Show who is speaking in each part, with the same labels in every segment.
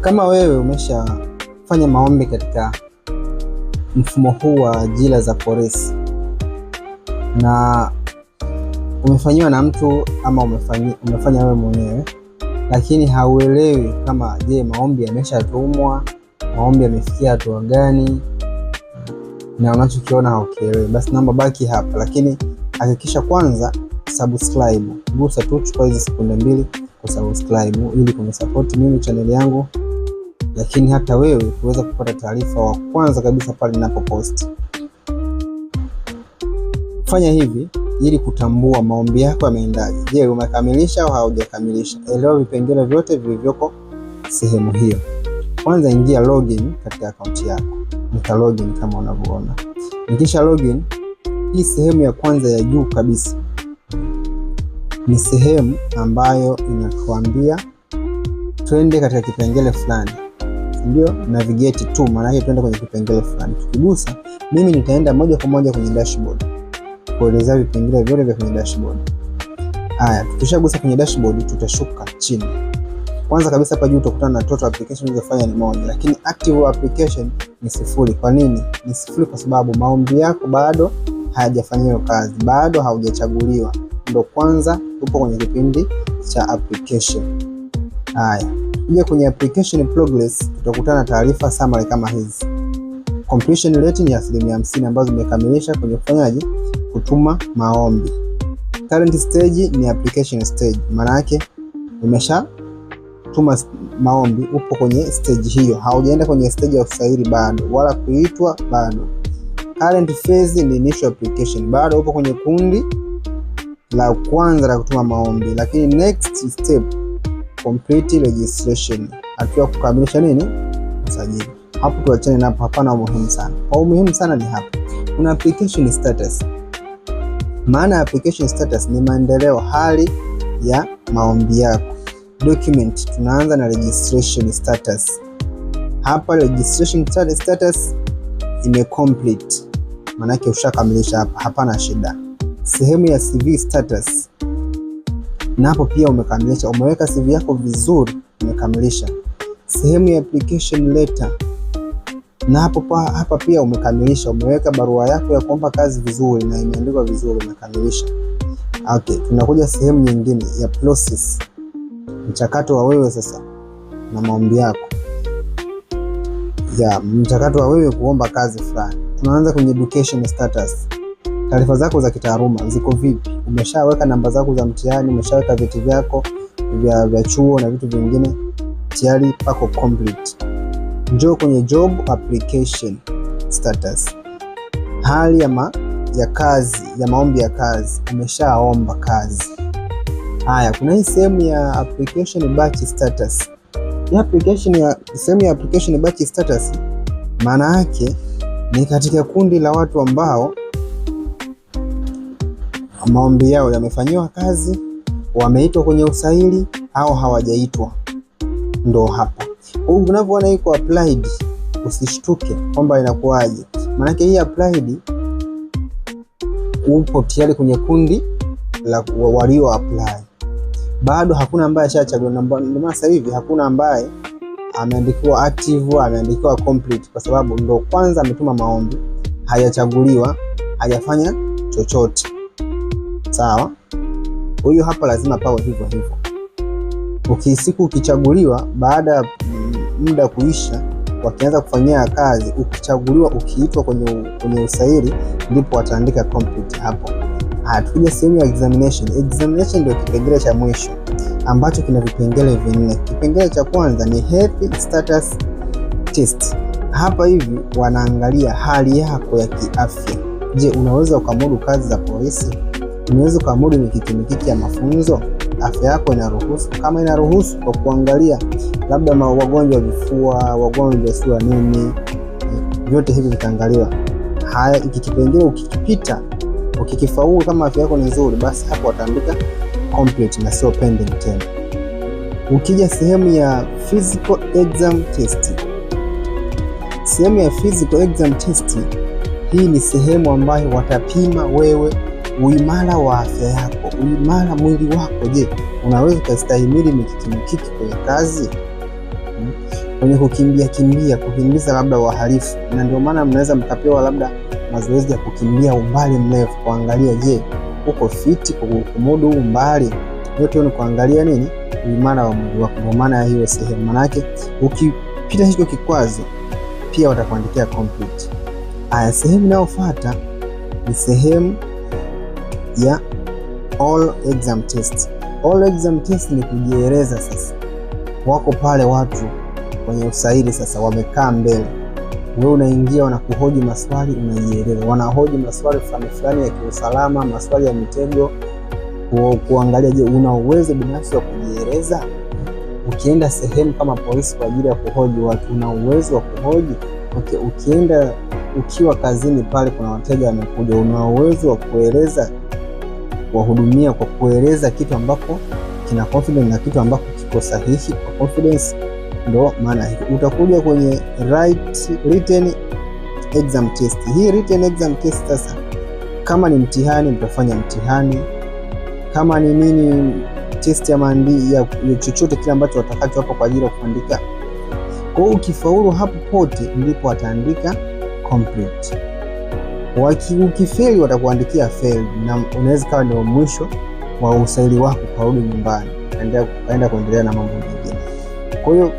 Speaker 1: Kama wewe umeshafanya maombi katika mfumo huu wa ajira za polisi na umefanyiwa na mtu ama umefanya, umefanya wewe mwenyewe, lakini hauelewi kama je, maombi yameshatumwa, maombi yamefikia hatua gani, na unachokiona haukielewi, basi naomba baki hapa, lakini hakikisha kwanza subscribe, gusa tu, chukua hizi sekunde mbili kusubscribe ili kunisupport mimi chaneli yangu, lakini hata wewe kuweza kupata taarifa wa kwanza kabisa pale ninapopost. Fanya hivi ili kutambua maombi yako yameendaje. Je, umekamilisha au haujakamilisha? Elewa vipengele vyote vilivyoko sehemu hiyo. Kwanza ingia login katika akaunti yako, nita login kama unavyoona. Nikisha login, hii sehemu ya kwanza ya juu kabisa ni sehemu ambayo inatuambia twende katika kipengele fulani, ndio navigate tu, maana yake twende kwenye kipengele fulani. Tukigusa mimi nitaenda moja kwa moja kwenye dashboard kuelezea vipengele vyote vya kwenye dashboard. Haya, tukishagusa kwenye dashboard tutashuka chini. Kwanza kabisa hapa juu utakutana na total application ulizofanya ni moja, lakini active application ni sifuri. Kwa nini ni sifuri? Kwa sababu maombi yako bado hayajafanyiwa kazi, bado haujachaguliwa, ndo kwanza tupo kwenye kipindi cha application. Haya, kuja kwenye application progress, tutakutana taarifa summary kama hizi. Completion rate ni asilimia hamsini ambazo zimekamilisha kwenye ufanyaji kutuma maombi. Current stage ni application stage, maana yake umesha tuma maombi, upo kwenye stage hiyo, haujaenda kwenye stage ya usaili bado, wala kuitwa bado. Current phase ni initial application, bado upo kwenye kundi la kwanza la kutuma maombi, lakini next step complete registration, akiwa kukamilisha nini usajili. Hapo tuachane napo, hapana umuhimu sana. Kwa umuhimu sana ni hapo kuna application status. Maana ya application status ni maendeleo, hali ya maombi yako. Document, tunaanza na registration status. Hapa registration status imecomplete, maanake ushakamilisha hapa, hapana shida sehemu ya CV status, na hapo pia umekamilisha, umeweka CV yako vizuri, umekamilisha. Sehemu ya application letter, na hapo hapa pia umekamilisha, umeweka barua yako ya kuomba kazi vizuri na imeandikwa vizuri, umekamilisha. Okay, tunakuja sehemu nyingine ya process, mchakato wa wewe sasa na maombi yako ya mchakato wa wewe kuomba kazi fulani. Tunaanza kwenye education status Taarifa zako za kitaaluma ziko vipi? Umeshaweka namba zako za mtihani? Umeshaweka vyeti vyako vya, vya chuo na vitu vingine? Tayari pako complete. Njoo kwenye job application status, hali ya, ma, ya kazi ya maombi ya kazi. Umeshaomba kazi? Haya, kuna hii sehemu ya application batch status. Ya application ya sehemu ya application batch status maana yake ni katika kundi la watu ambao maombi yao yamefanyiwa kazi, wameitwa kwenye usaili au hawajaitwa. Ndo hapa unavyoona iko applied, usishtuke kwamba inakuwaje, maanake hii applied upo tayari kwenye kundi la walio apply, bado hakuna ambaye ashachaguliwa. Ndio maana sasa hivi hakuna ambaye ameandikiwa active, ameandikiwa complete, kwa sababu ndo kwanza ametuma maombi, hajachaguliwa, hajafanya chochote sawa. Huyu hapa lazima pawe hivyo hivyo. Ukisiku ukichaguliwa, baada ya muda kuisha, wakianza kufanyia kazi, ukichaguliwa, ukiitwa kwenye, kwenye usaili, ndipo wataandika complete hapo. Hatukuja sehemu ya examination. Examination ndio kipengele cha mwisho ambacho kina vipengele vinne. Kipengele cha kwanza ni health status test. Hapa hivi wanaangalia hali yako ya kiafya. Je, unaweza ukamudu kazi za polisi? Unaweza ukaamuru mikiki mikiki ya mafunzo afya yako inaruhusu, kama inaruhusu, kwa kuangalia labda wagonjwa vifua, wagonjwa sura nini, vyote hivi vitaangaliwa. Haya, iki kipengele ukikipita, ukikifaulu, kama afya yako ni nzuri, basi hapo wataandika complete na sio pending tena. Ukija sehemu ya physical exam test, sehemu ya physical exam test, hii ni sehemu ambayo watapima wewe uimara wa afya yako, uimara mwili wako. Je, unaweza ukastahimili mikiki mikiki kwenye kazi, hmm? kwenye kukimbia kimbia, kukimbiza labda wahalifu? Na ndio maana mnaweza mkapewa labda mazoezi ya kukimbia umbali mrefu, kuangalia je, uko fiti kumudu umbali. Yote ni kuangalia nini, uimara wa mwili wako. Ndio maana ya hiyo sehemu, manake ukipita hicho kikwazo pia watakuandikia complete. Aya, sehemu inayofuata ni sehemu ya all exam test. All exam test ni kujieleza. Sasa wako pale watu kwenye usaili, sasa wamekaa mbele, wewe unaingia, wanakuhoji maswali, unajieleza. Wanahoji maswali fulani fulani ya kiusalama, maswali ya mitego, kuangalia je, una uwezo binafsi wa kujieleza. Ukienda sehemu kama polisi kwa ajili ya kuhoji watu, una uwezo wa kuhoji okay. Ukienda ukiwa kazini pale, kuna wateja wamekuja, una uwezo wa kueleza kuwahudumia kwa kueleza kitu ambapo kina confidence na kitu ambacho kiko sahihi kwa confidence. Ndo maana hii utakuja kwenye right, written exam test. Hii written exam test sasa, kama ni mtihani mtafanya mtihani, kama ni nini test ya maandishi ya, ya chochote kile ambacho watakacho hapo kwa ajili ya kuandika. Kwa hiyo ukifaulu hapo pote ndipo ataandika complete. Ukifeli watakuandikia feli na unaweza kawa ndio mwisho wa usaili wako, karudi nyumbani, aenda kuendelea na mambo mengine. Kwa hiyo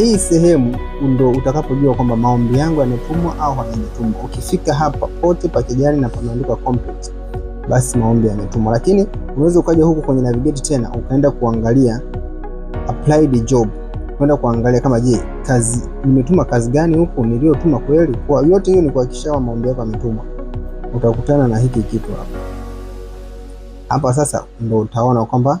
Speaker 1: hii sehemu ndo utakapojua kwamba maombi yangu yametumwa au hayajatumwa. Ukifika hapa pote pa kijani na pameandikwa complete, basi maombi yametumwa, lakini unaweza ukaja huku kwenye navigate tena ukaenda kuangalia applied job kwenda kuangalia kama je, kazi nimetuma kazi gani huko niliyotuma kweli. Kwa yote hiyo ni kuhakikisha maombi yako yametumwa. Utakutana na hiki kitu hapa hapa. Sasa ndo utaona kwamba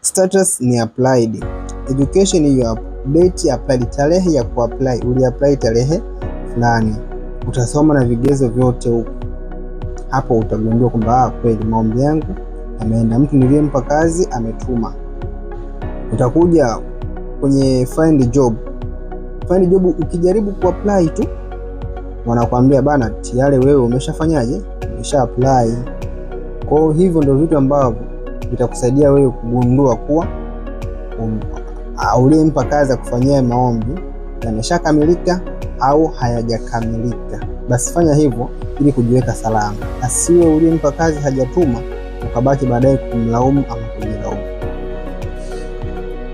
Speaker 1: status ni applied, education hiyo date applied, tarehe ya kuapply, apply tarehe fulani. Utasoma na vigezo vyote huko, hapo utagundua kwamba ah, kweli maombi yangu ameenda, mtu niliyempa kazi ametuma. Utakuja kwenye find job. Find job ukijaribu kuapply tu wanakuambia bana, tayari wewe umeshafanyaje, umesha apply. Kwa hivyo ndio vitu ambavyo vitakusaidia wewe kugundua kuwa um, uliyempa kazi ya kufanyia maombi yameshakamilika au hayajakamilika. Basi fanya hivyo ili kujiweka salama, asiwe uliyempa kazi hajatuma ukabaki baadaye kumlaumu ama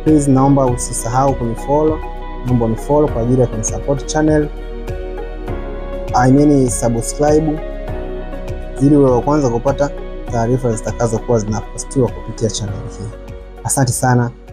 Speaker 1: please, naomba usisahau kunifollow, naomba unifollow kwa ajili ya kunisupport channel, I mean subscribe, ili uwe wa kwanza kupata taarifa zitakazokuwa zinapostiwa kupitia channel hii. Asante sana.